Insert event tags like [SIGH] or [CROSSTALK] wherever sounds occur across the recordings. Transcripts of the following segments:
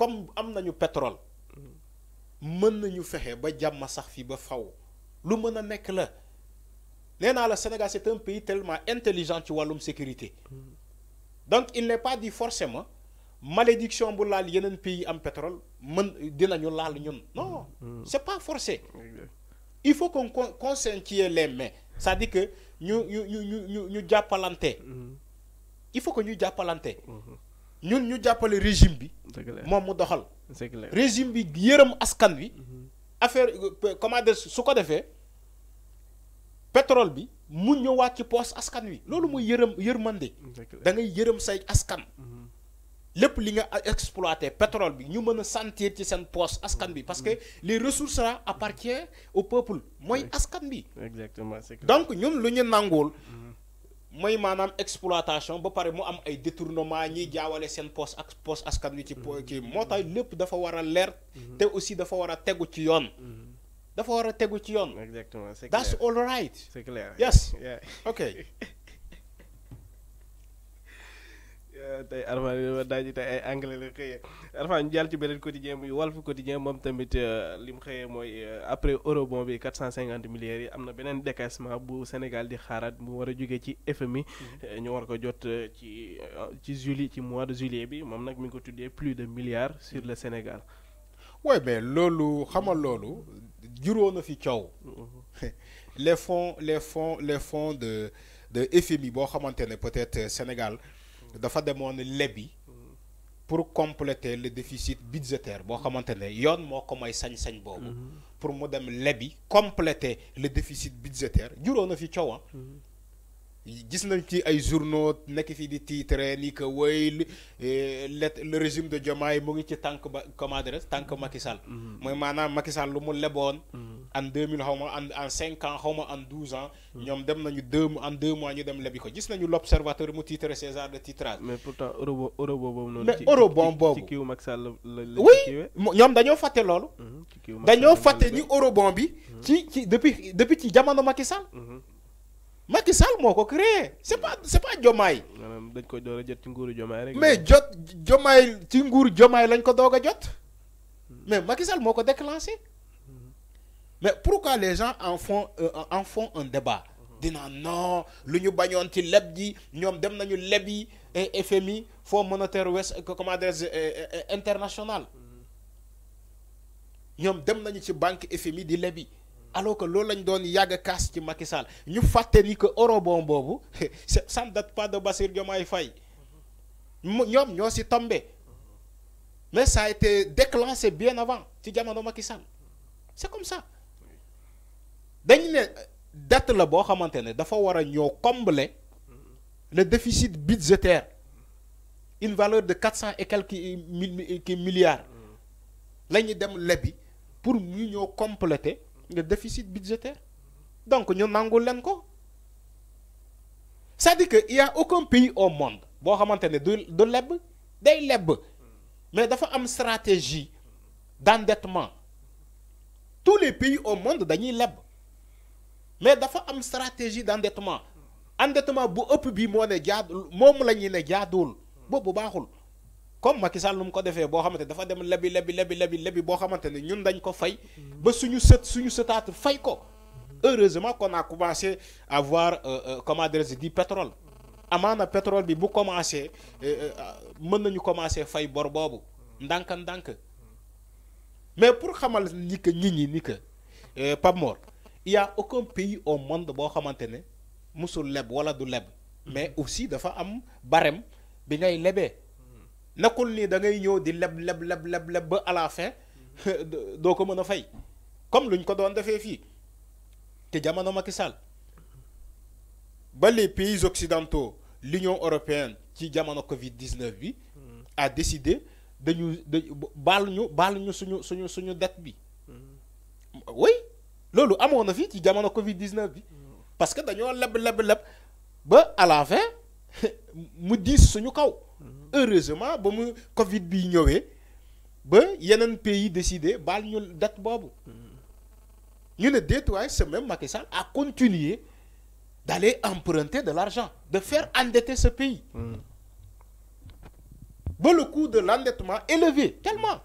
comme am pétrole mën nañu fexé ba sax fi ba faw lu a la Sénégal c'est un pays tellement intelligent ci la sécurité donc il n'est pas dit forcément malédiction bu laal pays am pétrole mën dinañu laal ñun non c'est pas forcé il faut qu'on consentit les mains c'est-à-dire que nous ñu ñu ñu ñu il faut que ñu jàppalante ñun ñu jàppale régime bi. moom mu doxal. régime bi yërëm askan wi. Mhm. affaire euh, comment dire su ko defee pétrole bi mu ñëwaat ci poos askan wi loolu mooy yërëm yërmande. da ngay yërëm say askan. Mhm. lépp li nga exploité pétrole bi ñu mën a sentir ci seen poche askan bi parce que mhm. les ressources là appartiennent au peuple mooy askan bi. exactement donc ñun lu ñu nangul mooy maanaam exploitation ba pare mu am ay détournement ñiy jaawale seen poste ak poste askan wi ci po mhm. kii moo tax lépp dafa war a leer mhm. te aussi dafa war a tegu ci yoon mhm. dafa war a tegu ci yoon exactement that's all right c'est clair yes ok [LAUGHS] tey Arfan daañu tey ay anglais la xëyee Arfan ñu jàll ci beneen quotidien muy Walf Quotidien moom tamit euh, lim mu xëyee mooy euh, après eurobond bi 450 milliards yi am na beneen décaissement bu Sénégal di xaaraat mu war a jógee ci FMI. Mm-hmm. ñu war ko jot euh, ci ci juillet ci mois de juillet bi moom nag mi ngi ko tuddee plus de milliards sur le Sénégal. oui mais loolu xamal loolu juróom na fi coow. Mm-hmm. [LAUGHS] les fonds les fonds les fonds de de FMI boo xamante ne peut-être Sénégal dafa demoon lebi pour compléter le déficit budgétaire bo xamantene yone moko may sañ-sañ bobu mhm. pour mu dem lebi compléter le déficit budgétaire juróon na fi coow ah. mhm gis nañ ci ay journaux nekk fi di titre ni que woy eh, le régime de Diomaye mu ngi ci tànk ba comment dirais tànk Macky Sall mm-hmm. mooy maanaam Macky Sall lu mu leboon mm-hmm. en 2000 mille xaw ma en en cinq ans xaw ma en 12 ans mm-hmm. ñoom dem nañu deux en deux mois ñu dem lebi ko gis nañu l'observateur mu titre ces genres de titrage mais pourtant euro euro boobu noonu mais euro bon boobu ci kiw Macky Sall la oui ñoom dañoo fàtte loolu dañoo fàtte ni euro bon bi ci ci depuis depuis ci jamono Macky Sall Macky Sall créé pas c'est pas jomai mais dañ koy doora jot ci mais jot Jomaay ci nguru Jomaay lañ ko jot. mais mais pourquoi les gens en font euh, en font un débat. dina non lu ci leb dem nañu leb FMI Fonds monétaire ouest euh, comment euh, international. ñom dem nañu ci banque FMI di leb alors que loolu lañ doon yag kaas ci Macky ñu ni que [LAUGHS] ça ne date pas de Diomaye Faye mais ça a été déclenché bien avant ci comme ça dañ ne fait la le déficit budgétaire une valeur de 400 et quelques milliards la dem pour compléter le déficit budgétaire. Donc, nous n'avons pas C'est-à-dire qu'il n'y a aucun pays au monde qui a de l'EB, des Mais il y a une stratégie d'endettement. Tous les pays au monde ont l'EB. Mais il y a une stratégie d'endettement. Endettement, si vous a un peu de temps, on a un comme Macky Sall num ko defé bo xamante dafa dem labi labi labi labi labi bo xamante ñun dañ ko fay ba suñu sët suñu sëtaat fay ko heureusement qu'on a commencé à voir euh, euh, comment dire du di pétrole amana pétrole bi bu commencé euh, mën nañu commencé fay bor bobu ndànk ndànk mais pour xamal ni que nit ñi ni que pas mort il y a aucun pays au monde bo xamante ne musul leb wala du leb mais mhm. aussi dafa am barème bi ngay lebee nekkul ni da ngay ñëw di leb leb leb leb leb ba à la fin [LAUGHS] doo ko mën a fay comme luñ ko doon defee fii te jamono Macky Sall ba les pays occidentaux l'Union européenne ci jamono Covid 19 bi. a décidé dañu da baal ñu baal ñu suñu suñu suñu dette bi. oui loolu amoon na fii ci jamono Covid 19 bi. parce que dañoo leb leb leb ba à la fin [LAUGHS] mu diis suñu kaw heureusement ba mu Covid bi y ba un pays décidé de ñu date bobu ñu ne ce même Macky Sall a d'aller emprunter de l'argent de faire endetter ce pays hmm. le coût de l'endettement élevé tellement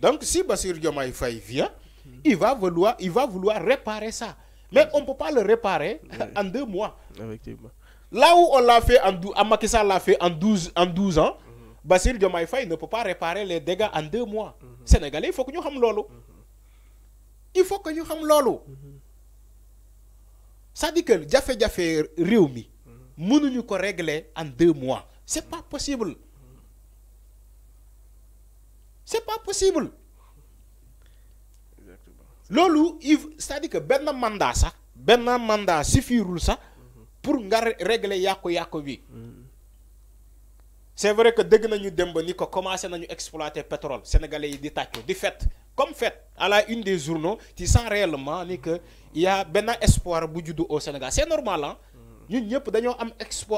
donc si le Diomaye Faye vient hmm. il va vouloir il va vouloir réparer ça mais on ne peut pas le réparer en deux mois effectivement Là où on l'a fait en 12 Amakissa l'a fait en 12, en 12 ans, mhm. Basile -hmm. ne peut pas réparer les dégâts en deux mois. Mhm. Sénégalais, il faut que nous sachions lolo. Il faut que nous sachions lolo. Ça dit que Diafé Diafé Réumi, mhm. nous ne pouvons régler en deux mois. Ce n'est pas possible. Ce n'est pas possible. Lolo, c'est-à-dire que Benna Manda, ça, Benna mandat suffirul ça, pour régler Yako yàqu bi c'est vrai que nous nañu nous ni ko commencé à exploiter pétrole sénégalais ont di di comme fait, à la une des journaux ils sens réellement qu'il y a un espoir au Sénégal c'est normal Nous, hein? ñun avons dañoo am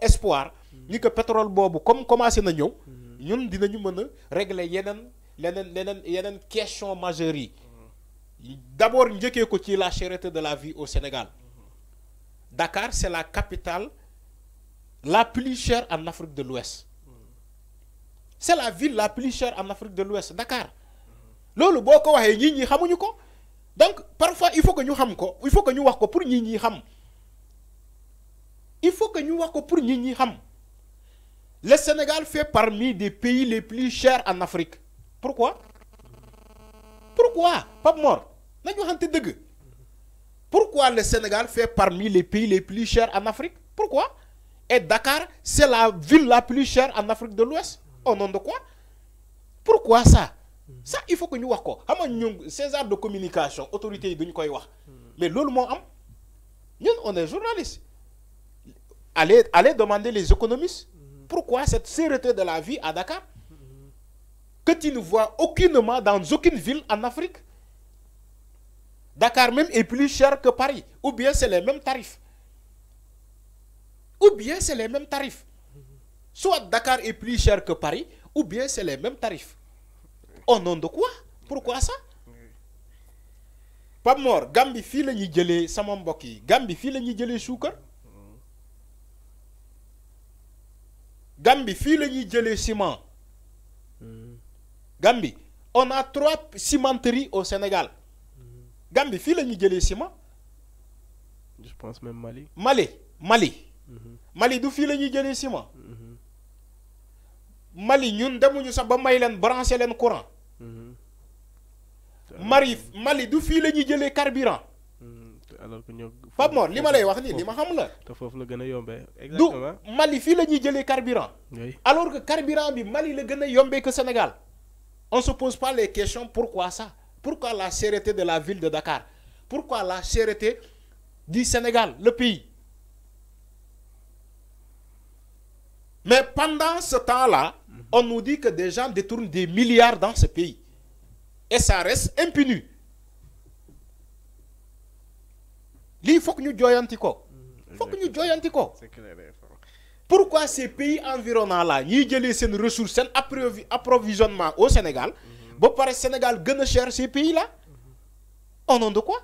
espoir. ni que pétrole comme commencé nous, commencé, ñun dinañu mën régler les questions question majeures d'abord nous avons ci la chérité de la vie au Sénégal. Dakar, c'est la capitale la plus chère en Afrique de l'Ouest. C'est la ville la plus chère en Afrique de l'Ouest, Dakar. C'est le ko ñi ñi xamuñu donc parfois il faut que nous xam ko il faut que nous wax ko pour nous ñi il faut que nous wax ko pour nous ñi le Sénégal fait parmi les pays les plus chers en Afrique pourquoi pourquoi Pas mort. nañu pourquoi le Sénégal fait parmi les pays les plus chers en Afrique Pourquoi Et Dakar, c'est la ville la plus chère en Afrique de l'Ouest. Au nom de quoi Pourquoi ça Ça, il faut que nous voyons. Nous César de communication, autorité de nous Mais l'autre nous, on est journalistes. Allez, demander les économistes pourquoi cette séreté de la vie à Dakar que tu ne vois aucunement dans aucune ville en Afrique. Dakar même est plus cher que Paris. Ou bien c'est les mêmes tarifs. Ou bien c'est les mêmes tarifs. Soit Dakar est plus cher que Paris, ou bien c'est les mêmes tarifs. Au nom de quoi Pourquoi ça Pas mort, Gambi, le la ñuy sama file yi Gambie fii Gambi, sucre. ciment hmm. Gambi, on a trois cimenteries au Sénégal Gambie je pense même Mali. Mali Mali. Mali du fille la ñuy Mali nous, demuñu sax ba may courant. Mali Mali du fii la ñuy le mhm. mhm. carburant. Mhm. alors que Mali. li ma lay wax li ma xam a exactement Mali carburant. alors que carburant Mali le que Sénégal. on se pose pas les questions pourquoi ça. Pourquoi la sérénité de la ville de Dakar Pourquoi la sérénité du Sénégal, le pays Mais pendant ce temps-là, on nous dit que des gens détournent des milliards dans ce pays. Et ça reste impuni. Il faut que nous Il faut que nous Pourquoi ces pays environnants-là, ils ont ressources, un approvisionnement au Sénégal, Bon, par Sénégal, gagne cher ces pays-là. Au nom de quoi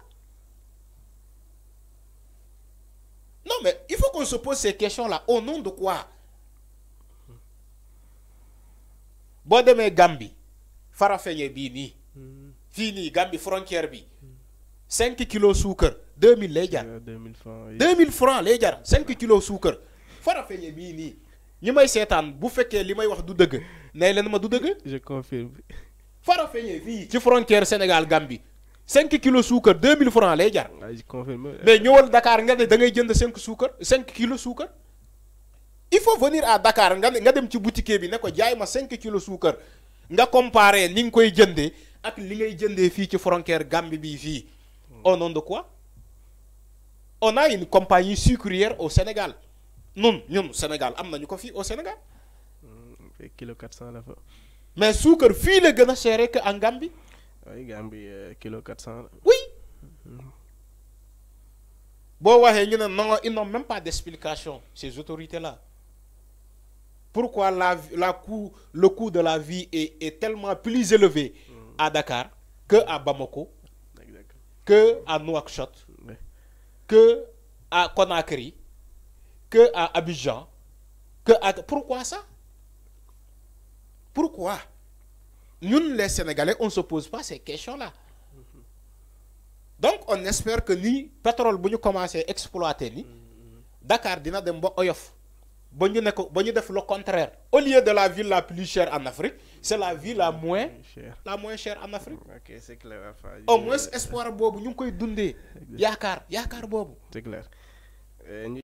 Non, mais il faut qu'on se pose ces questions-là. Au nom de quoi Bon, demain, Gambi, farafe Bini, Fini, Gambi, frontière bi. 5 kg sucre, 2000 les 2000 francs, les gars. 5 kg sucre. Farafeye Bini, Nimaï Setan, bouffez que Limaï Wardoudeg. Je confirme. Farafeñe fii ci frontière Sénégal Gambie 5 kilos sucre, 2000 francs lay jar. Ah, mais ñëwal Dakar nga ne da ngay jënd 5 sucre. 5 kilos sucre. il faut venir à Dakar nga nga dem ci boutique bi ne ko jaay ma 5 kilos sucre. nga comparer ni nga koy jëndee ak li ngay jëndee fi ci frontière Gambie bi fi hmm. au nom de quoi. on a une compagnie sucrière au Sénégal Non, ñun Sénégal amna ñuko fi au Sénégal. Hmm, kilo 400 la fa mais sucre sucre que nous que en Gambie. Oui, Gambie euh, kilo kg. oui ils n'ont même pas d'explication ces autorités là pourquoi la la le coût de la vie est est tellement plus élevé. à Dakar que à Bamako. que à Nouakchott. que à Conakry. que à Abidjan. que à pourquoi ça. Pourquoi Nous, les Sénégalais, on ne se pose pas ces questions-là. Donc, on espère que ni pétrole, si nous à exploiter, ni, Dakar dina dem ba ne le contraire au lieu de la ville la plus chère en Afrique c'est la ville la moins la moins chère en Afrique ok c'est clair au moins espoir boobu nous ngi koy des yakar yakar Bobo. c'est clair euh,